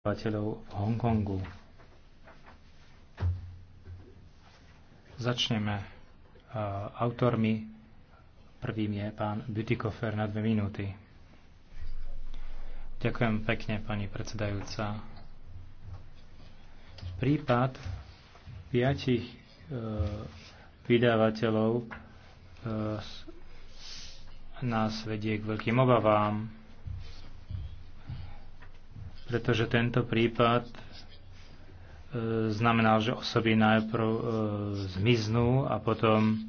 obyvateľov Hongkongu. Začneme uh, autormi. Prvým je pán Butikofer na dve minúty. Ďakujem pekne, pani predsedajúca. Prípad piatich uh, vydavateľov uh, nás vedie k veľkým obavám pretože tento prípad e, znamená, že osoby najprv e, zmiznú a potom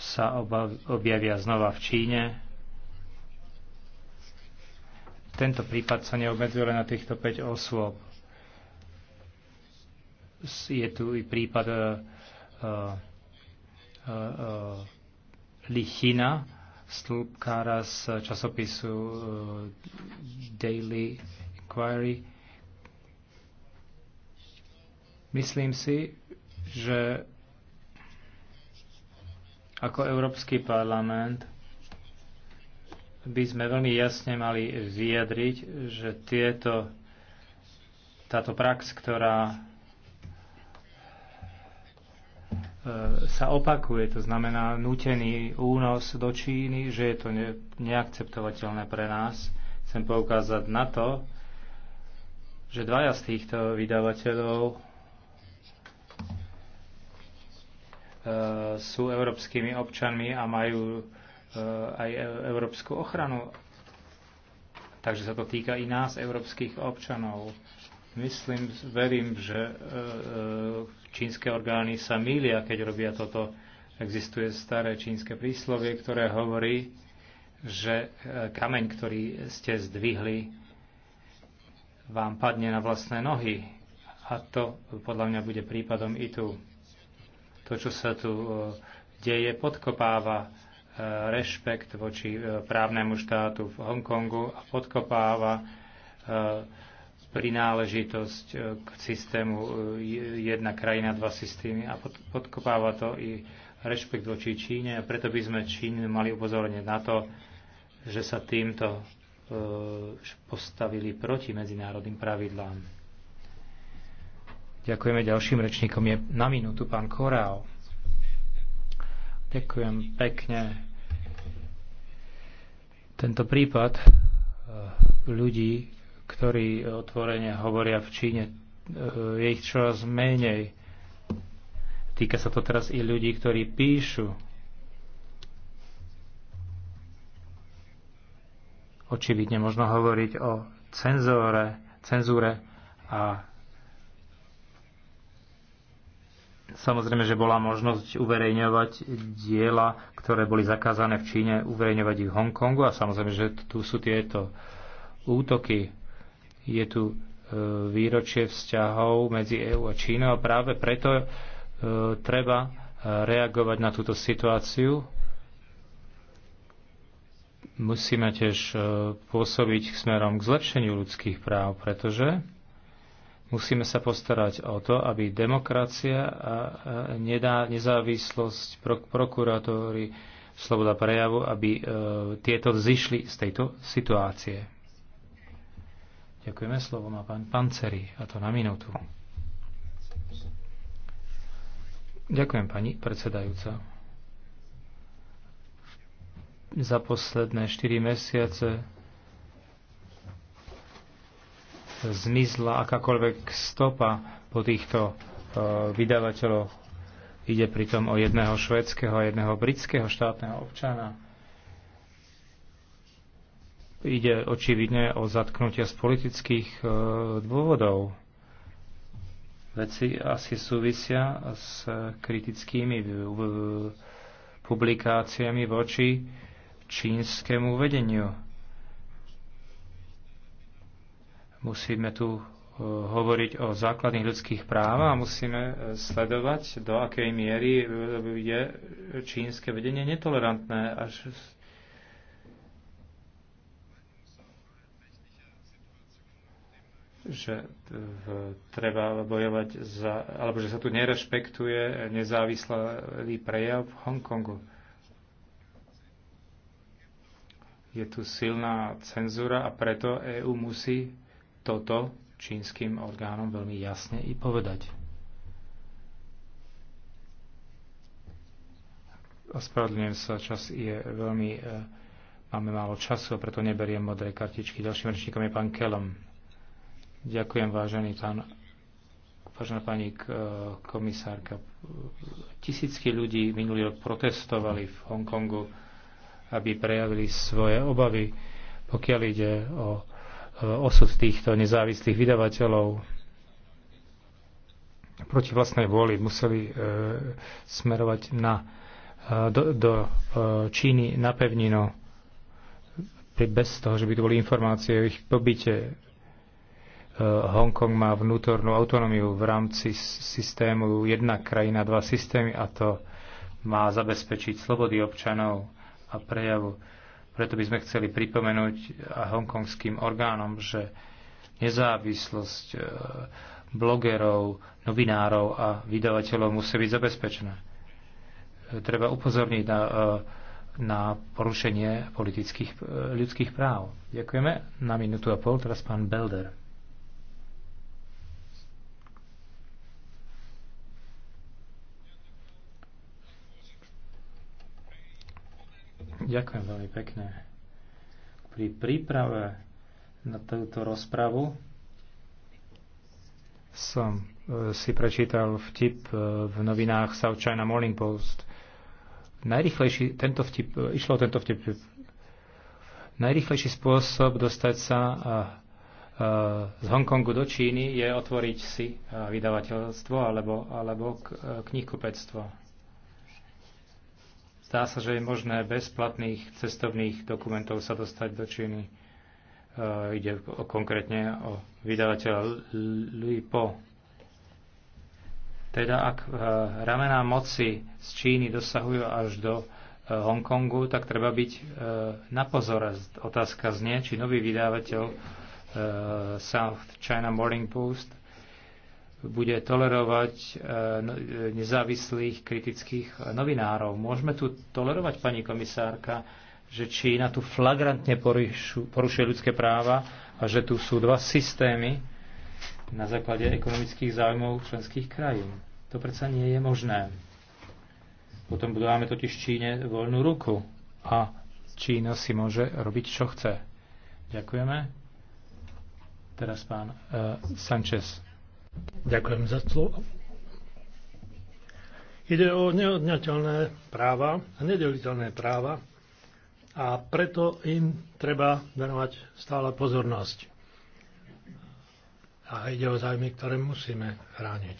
sa objavia znova v Číne. Tento prípad sa neobmedzuje len na týchto 5 osôb. Je tu i prípad e, e, e, Lichina, stĺpkára z časopisu e, Daily Inquiry. Myslím si, že ako Európsky parlament by sme veľmi jasne mali vyjadriť, že tieto, táto prax, ktorá E, sa opakuje, to znamená nutený únos do Číny, že je to neakceptovateľné pre nás. Chcem poukázať na to, že dvaja z týchto vydavateľov e, sú európskymi občanmi a majú e, aj európsku ochranu. Takže sa to týka i nás, európskych občanov. Myslím, verím, že e, e, čínske orgány sa mýlia, keď robia toto. Existuje staré čínske príslovie, ktoré hovorí, že e, kameň, ktorý ste zdvihli, vám padne na vlastné nohy. A to podľa mňa bude prípadom i tu. To, čo sa tu deje, podkopáva rešpekt voči právnemu štátu v Hongkongu a podkopáva prináležitosť e, k systému e, jedna krajina, dva systémy a podkopáva to i rešpekt voči Číne a preto by sme Čínu mali upozorniť na to, že sa týmto e, postavili proti medzinárodným pravidlám. Ďakujeme ďalším rečníkom. Je na minútu pán Korál. Ďakujem pekne. Tento prípad ľudí, ktorí otvorene hovoria v Číne. E, je ich čoraz menej. Týka sa to teraz i ľudí, ktorí píšu. Očividne možno hovoriť o cenzore, cenzúre a Samozrejme, že bola možnosť uverejňovať diela, ktoré boli zakázané v Číne, uverejňovať ich v Hongkongu a samozrejme, že tu sú tieto útoky je tu e, výročie vzťahov medzi EÚ a Čínou a práve preto e, treba e, reagovať na túto situáciu. Musíme tiež pôsobiť smerom k zlepšeniu ľudských práv, pretože musíme sa postarať o to, aby demokracia a nedá nezávislosť prok- prokurátory, sloboda prejavu, aby tieto zišli z tejto situácie. Ďakujeme. Slovo má pán Panceri, a to na minútu. Ďakujem, pani predsedajúca. Za posledné 4 mesiace zmizla akákoľvek stopa po týchto e, vydavateľoch. Ide pritom o jedného švedského a jedného britského štátneho občana Ide očividne o zatknutia z politických e, dôvodov. Veci asi súvisia s kritickými publikáciami voči čínskemu vedeniu. Musíme tu e, hovoriť o základných ľudských právach a musíme e, sledovať, do akej miery je čínske vedenie netolerantné až že treba bojovať za, alebo že sa tu nerešpektuje nezávislý prejav v Hongkongu. Je tu silná cenzúra a preto EÚ musí toto čínskym orgánom veľmi jasne i povedať. Ospravedlňujem sa, čas je veľmi... E, máme málo času a preto neberiem modré kartičky. Ďalším rečníkom je pán Kelom. Ďakujem, vážený pán, vážená pani eh, komisárka. Tisícky ľudí minulý rok protestovali v Hongkongu, aby prejavili svoje obavy, pokiaľ ide o eh, osud týchto nezávislých vydavateľov. Proti vlastnej vôli museli e, smerovať na, e, do, do e, Číny na pevnino bez toho, že by to boli informácie o ich pobyte Eh, Hongkong má vnútornú autonómiu v rámci systému jedna krajina, dva systémy a to má zabezpečiť slobody občanov a prejavu. Preto by sme chceli pripomenúť eh, hongkongským orgánom, že nezávislosť eh, blogerov, novinárov a vydavateľov musí byť zabezpečená. Treba upozorniť na, na porušenie politických ľudských práv. Ďakujeme. Na minútu a pol teraz pán Belder. Ďakujem veľmi pekne. Pri príprave na túto rozpravu som e, si prečítal vtip e, v novinách South China Morning Post. Najrychlejší, tento vtip, e, išlo tento vtip, najrychlejší spôsob dostať sa z Hongkongu do Číny je otvoriť si vydavateľstvo alebo, alebo knihkupectvo Zdá sa, že je možné bez platných cestovných dokumentov sa dostať do Číny. E, ide o, konkrétne o vydavateľa Lipo. Po. Teda ak e, ramená moci z Číny dosahujú až do e, Hongkongu, tak treba byť e, na pozor. Otázka znie, či nový vydavateľ e, South China Morning Post bude tolerovať e, no, e, nezávislých kritických novinárov. Môžeme tu tolerovať, pani komisárka, že Čína tu flagrantne porušuje ľudské práva a že tu sú dva systémy na základe ekonomických záujmov členských krajín. To predsa nie je možné. Potom budeme totiž Číne voľnú ruku a Čína si môže robiť, čo chce. Ďakujeme. Teraz pán uh, Sanchez. Ďakujem za slovo. Ide o neodňateľné práva a nedeliteľné práva a preto im treba venovať stále pozornosť. A ide o zájmy, ktoré musíme chrániť.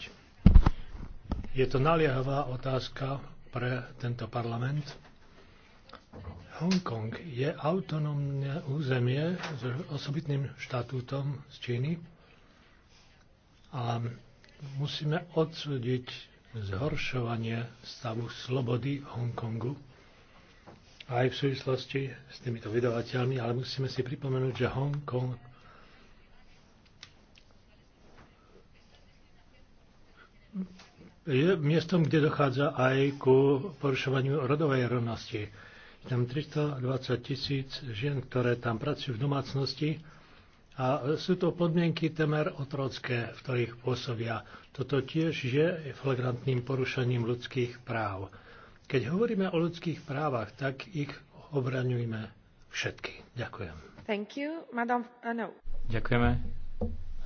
Je to naliehavá otázka pre tento parlament. Hongkong je autonómne územie s osobitným štatútom z Číny a musíme odsúdiť zhoršovanie stavu slobody v Hongkongu aj v súvislosti s týmito vydavateľmi, ale musíme si pripomenúť, že Hongkong je miestom, kde dochádza aj ku porušovaniu rodovej rovnosti. Je tam 320 tisíc žien, ktoré tam pracujú v domácnosti a sú to podmienky temer otrocké, v ktorých pôsobia. Toto tiež je flagrantným porušením ľudských práv. Keď hovoríme o ľudských právach, tak ich obraňujme všetky. Ďakujem. Thank you, Madame, uh, no. Ďakujeme.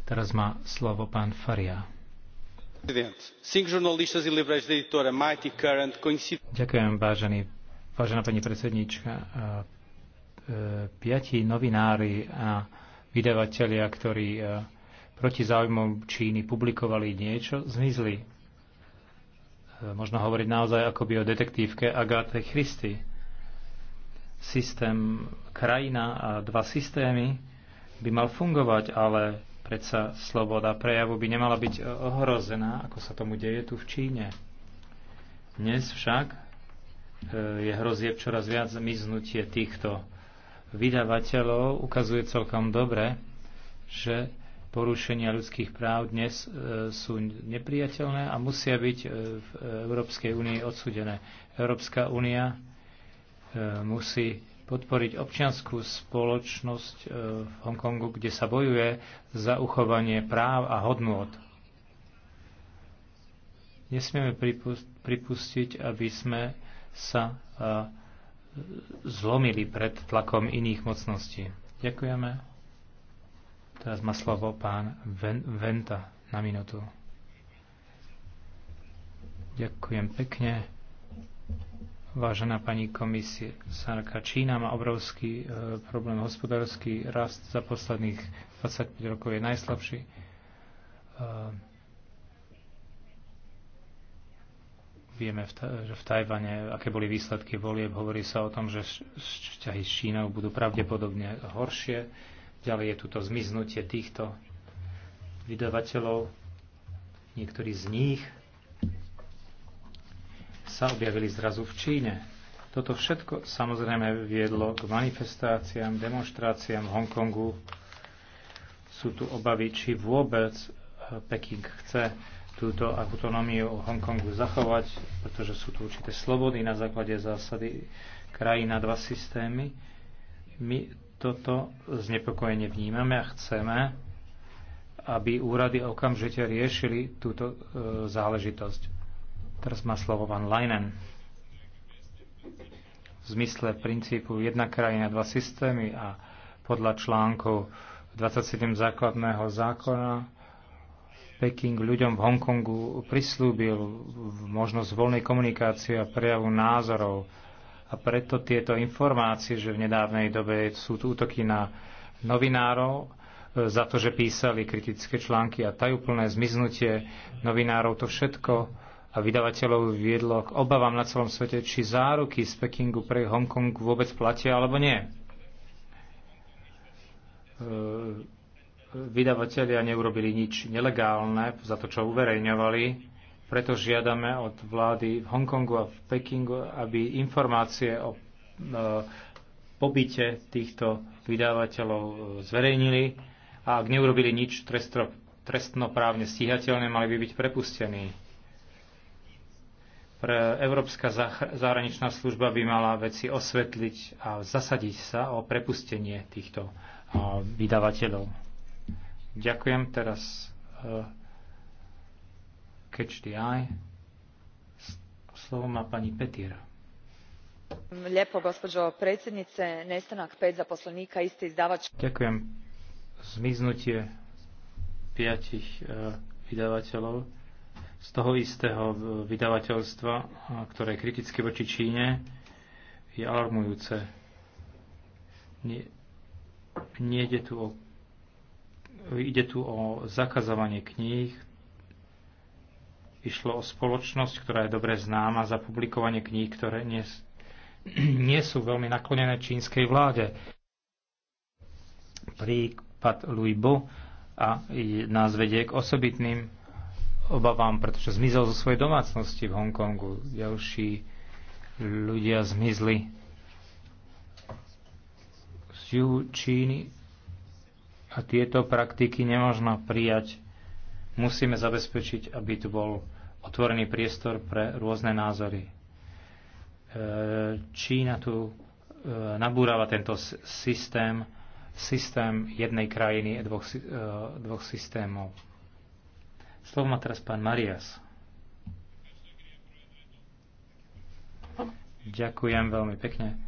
Teraz má slovo pán Faria. E Ďakujem, vážený, vážená pani predsedníčka. E, piati novinári a vydavatelia, ktorí e, proti záujmom Číny publikovali niečo, zmizli. E, možno hovoriť naozaj akoby o detektívke Agathe Christy. Systém krajina a dva systémy by mal fungovať, ale predsa sloboda prejavu by nemala byť e, ohrozená, ako sa tomu deje tu v Číne. Dnes však je hrozie čoraz viac zmiznutie týchto vydavateľov ukazuje celkom dobre, že porušenia ľudských práv dnes e, sú nepriateľné a musia byť e, v Európskej únii odsudené. Európska únia e, musí podporiť občianskú spoločnosť v Hongkongu, kde sa bojuje za uchovanie práv a hodnôt. Nesmieme pripustiť, aby sme sa zlomili pred tlakom iných mocností. Ďakujeme. Teraz má slovo pán Venta na minútu. Ďakujem pekne. Vážená pani komisie Sarka, Čína má obrovský e, problém. Hospodársky rast za posledných 25 rokov je najslabší. E, Vieme, že v Tajvane, aké boli výsledky volieb, hovorí sa o tom, že vzťahy s Čínou budú pravdepodobne horšie. Ďalej je tu to zmiznutie týchto vydavateľov. Niektorí z nich sa objavili zrazu v Číne. Toto všetko samozrejme viedlo k manifestáciám, demonstráciám v Hongkongu. Sú tu obavy, či vôbec eh, Peking chce túto autonómiu Hongkongu zachovať, pretože sú tu určité slobody na základe zásady krajina dva systémy. My toto znepokojenie vnímame a chceme, aby úrady okamžite riešili túto e, záležitosť. Teraz má slovo Van Leinen. V zmysle princípu jedna krajina, dva systémy a podľa článku 27 základného zákona Peking ľuďom v Hongkongu prislúbil možnosť voľnej komunikácie a prejavu názorov. A preto tieto informácie, že v nedávnej dobe sú tu útoky na novinárov e, za to, že písali kritické články a tajúplné zmiznutie novinárov, to všetko a vydavateľov viedlo k obavám na celom svete, či záruky z Pekingu pre Hongkong vôbec platia alebo nie e, vydavatelia neurobili nič nelegálne za to, čo uverejňovali. Preto žiadame od vlády v Hongkongu a v Pekingu, aby informácie o e, pobyte týchto vydavateľov e, zverejnili a ak neurobili nič trestro, trestnoprávne stíhateľné, mali by byť prepustení. Pre Európska zahraničná služba by mala veci osvetliť a zasadiť sa o prepustenie týchto e, vydavateľov. Ďakujem teraz uh, Catch the Eye. Slovo má pani Petir. Lepo, gospođo predsjednice, nestanak pet zaposlenika iste izdavač... Ďakujem. Zmiznutie piatich uh, vydavateľov z toho istého vydavateľstva, eh, ktoré je kritické voči Číne, je alarmujúce. Nie, nie ide tu o Ide tu o zakazovanie kníh. Išlo o spoločnosť, ktorá je dobre známa za publikovanie kníh, ktoré nie, nie sú veľmi naklonené čínskej vláde. Prípad Louis Bo a nás vedie k osobitným obavám, pretože zmizol zo svojej domácnosti v Hongkongu. Ďalší ľudia zmizli z Číny a tieto praktiky nemožno prijať. Musíme zabezpečiť, aby tu bol otvorený priestor pre rôzne názory. E, Čína tu e, nabúrava tento systém, systém jednej krajiny a dvoch, e, dvoch systémov. Slovo má teraz pán Marias. Ďakujem veľmi pekne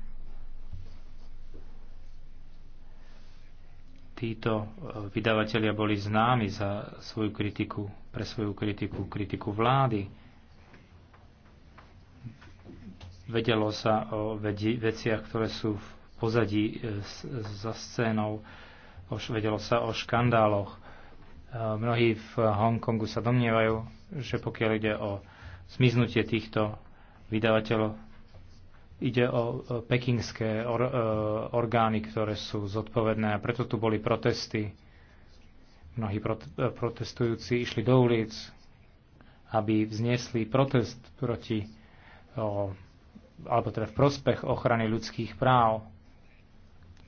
títo e, vydavatelia boli známi za svoju kritiku, pre svoju kritiku, kritiku vlády. Vedelo sa o vedi, veciach, ktoré sú v pozadí e, za scénou, vedelo sa o škandáloch. E, mnohí v Hongkongu sa domnievajú, že pokiaľ ide o zmiznutie týchto vydavateľov, Ide o pekingské or, e, orgány, ktoré sú zodpovedné a preto tu boli protesty. Mnohí e, protestujúci išli do ulic, aby vznesli protest proti, o, alebo teda v prospech ochrany ľudských práv.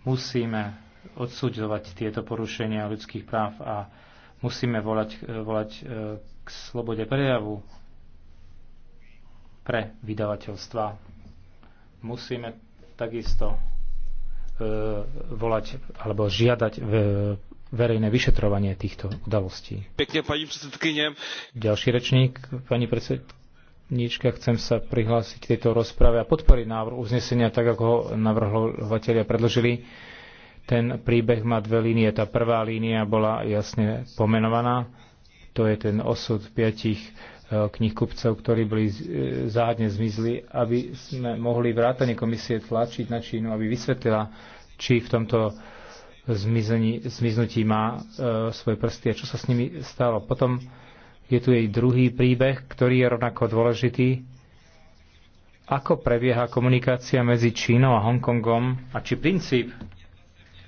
Musíme odsudzovať tieto porušenia ľudských práv a musíme volať, e, volať k slobode prejavu pre vydavateľstva. Musíme takisto e, volať alebo žiadať e, verejné vyšetrovanie týchto udalostí. Pekne, pani predsedkynie. Ďalší rečník, pani predsedníčka, chcem sa prihlásiť k tejto rozprave a podporiť návrh uznesenia, tak ako ho navrhovateľia predložili. Ten príbeh má dve línie. Tá prvá línia bola jasne pomenovaná. To je ten osud piatich knihkupcov, ktorí boli e, zádne zmizli, aby sme mohli vrátane komisie tlačiť na Čínu, aby vysvetlila, či v tomto zmizení, zmiznutí má e, svoje prsty a čo sa s nimi stalo. Potom je tu jej druhý príbeh, ktorý je rovnako dôležitý. Ako prebieha komunikácia medzi Čínou a Hongkongom a či princíp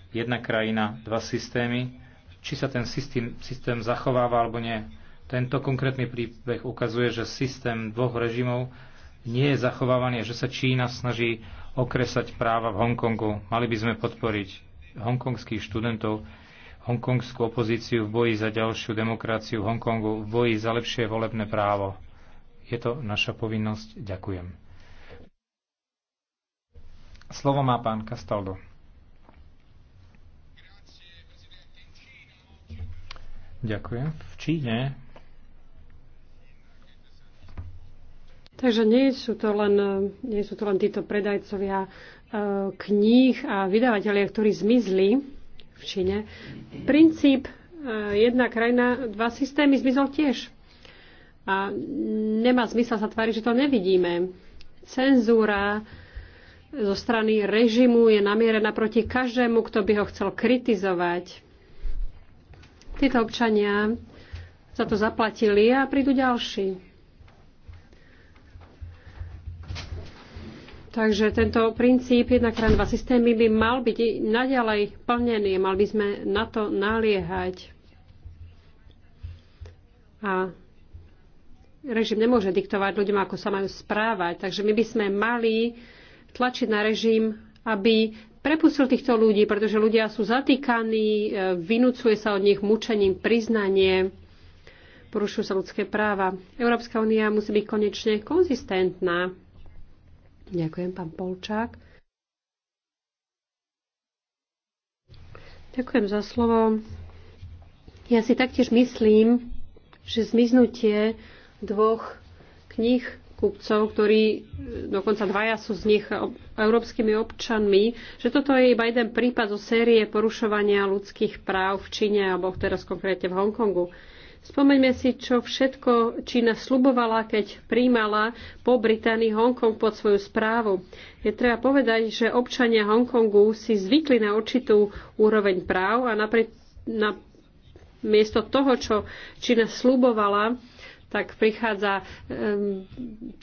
jedna krajina, dva systémy, či sa ten systém, systém zachováva alebo nie tento konkrétny príbeh ukazuje, že systém dvoch režimov nie je zachovávaný, že sa Čína snaží okresať práva v Hongkongu. Mali by sme podporiť hongkongských študentov, hongkongskú opozíciu v boji za ďalšiu demokraciu v Hongkongu, v boji za lepšie volebné právo. Je to naša povinnosť. Ďakujem. Slovo má pán Castaldo. Ďakujem. V Číne Takže nie sú to len, nie sú to len títo predajcovia e, kníh a vydavatelia, ktorí zmizli v Číne. Princíp e, jedna krajina, dva systémy zmizol tiež. A nemá zmysel sa tváriť, že to nevidíme. Cenzúra zo strany režimu je namierená proti každému, kto by ho chcel kritizovať. Títo občania za to zaplatili a prídu ďalší. Takže tento princíp jedna krajina, dva systémy by mal byť naďalej plnený, mal by sme na to naliehať. A režim nemôže diktovať ľuďom, ako sa majú správať. Takže my by sme mali tlačiť na režim, aby prepustil týchto ľudí, pretože ľudia sú zatýkaní, e, vynúcuje sa od nich mučením, priznanie, porušujú sa ľudské práva. Európska únia musí byť konečne konzistentná Ďakujem, pán Polčák. Ďakujem za slovo. Ja si taktiež myslím, že zmiznutie dvoch kníh kupcov, ktorí e, dokonca dvaja sú z nich európskymi občanmi, že toto je iba jeden prípad zo série porušovania ľudských práv v Číne alebo teraz konkrétne v Hongkongu. Spomeňme si, čo všetko Čína slubovala, keď príjmala po Británii Hongkong pod svoju správu. Je treba povedať, že občania Hongkongu si zvykli na určitú úroveň práv a napriek, na, miesto toho, čo Čína slubovala, tak prichádza um,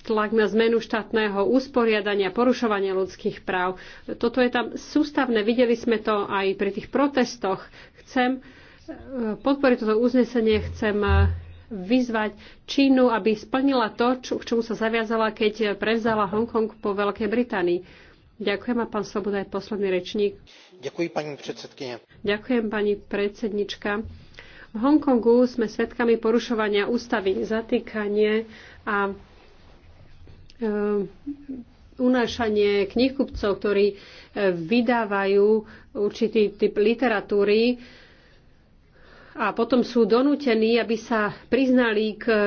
tlak na zmenu štátneho usporiadania, porušovania ľudských práv. Toto je tam sústavné, videli sme to aj pri tých protestoch. Chcem podporiť toto uznesenie chcem vyzvať Čínu, aby splnila to, čo, k čomu sa zaviazala, keď prevzala Hongkong po Veľkej Británii. Ďakujem a pán Sloboda je posledný rečník. Ďakujem pani predsedkynia. Ďakujem pani predsednička. V Hongkongu sme svedkami porušovania ústavy, zatýkanie a e, unášanie knihkupcov, ktorí e, vydávajú určitý typ literatúry. E, a potom sú donútení, aby sa priznali k e,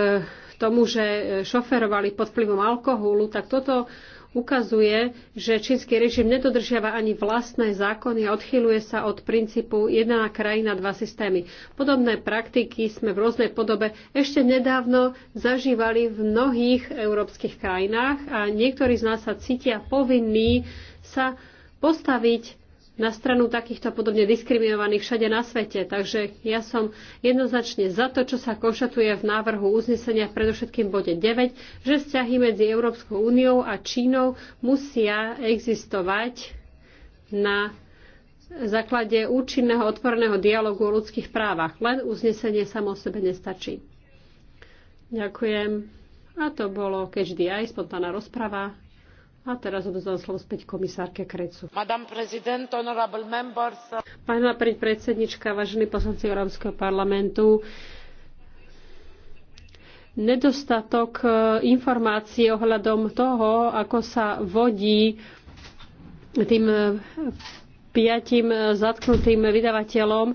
tomu, že e, šoferovali pod vplyvom alkoholu, tak toto ukazuje, že čínsky režim nedodržiava ani vlastné zákony a odchyluje sa od princípu jedna krajina, dva systémy. Podobné praktiky sme v rôznej podobe ešte nedávno zažívali v mnohých európskych krajinách a niektorí z nás sa cítia povinní sa postaviť na stranu takýchto podobne diskriminovaných všade na svete. Takže ja som jednoznačne za to, čo sa konštatuje v návrhu uznesenia predovšetkým bode 9, že vzťahy medzi Európskou úniou a Čínou musia existovať na základe účinného otvoreného dialogu o ľudských právach. Len uznesenie samo o sebe nestačí. Ďakujem. A to bolo aj spontánna rozprava. A teraz odovzdám slovo späť komisárke Krecu. Pána predsednička, vážení poslanci Európskeho parlamentu, nedostatok e, informácií ohľadom toho, ako sa vodí tým e, piatim e, zatknutým vydavateľom,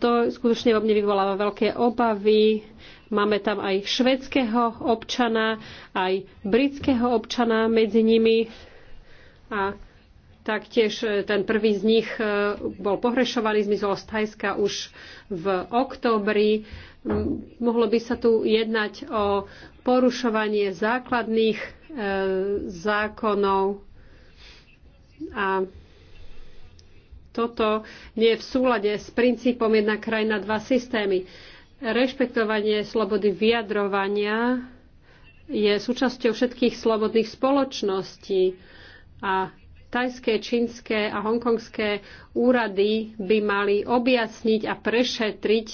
to skutočne vo mne vyvoláva veľké obavy. Máme tam aj švedského občana, aj britského občana medzi nimi. A taktiež e, ten prvý z nich e, bol pohrešovaný, zmizol z Thajska už v októbri. Mohlo by sa tu jednať o porušovanie základných e, zákonov a toto nie je v súlade s princípom jedna krajina, dva systémy. Rešpektovanie slobody vyjadrovania je súčasťou všetkých slobodných spoločností a tajské, čínske a hongkongské úrady by mali objasniť a prešetriť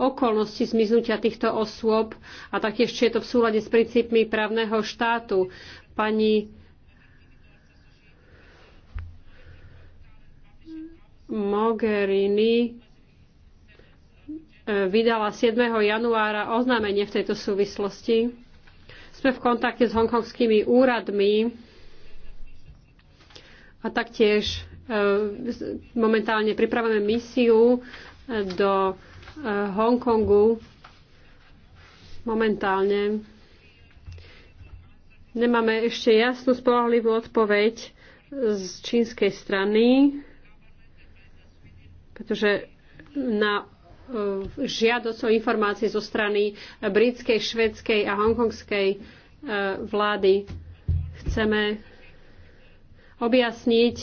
okolnosti zmiznutia týchto osôb a taktiež, či je to v súlade s princípmi právneho štátu. Pani Mogherini E, vydala 7. januára oznámenie v tejto súvislosti. Sme v kontakte s hongkongskými úradmi a taktiež e, momentálne pripravujeme misiu e, do Hongkongu. Momentálne nemáme ešte jasnú spolahlivú odpoveď z čínskej strany, pretože na E, žiadosť o informácie zo strany britskej, švedskej a hongkongskej e, vlády. Chceme objasniť,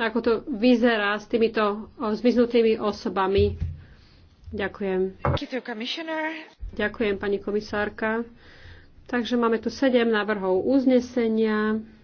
ako to vyzerá s týmito zmiznutými osobami. Ďakujem. Ďakujem, pani komisárka. Takže máme tu sedem návrhov uznesenia.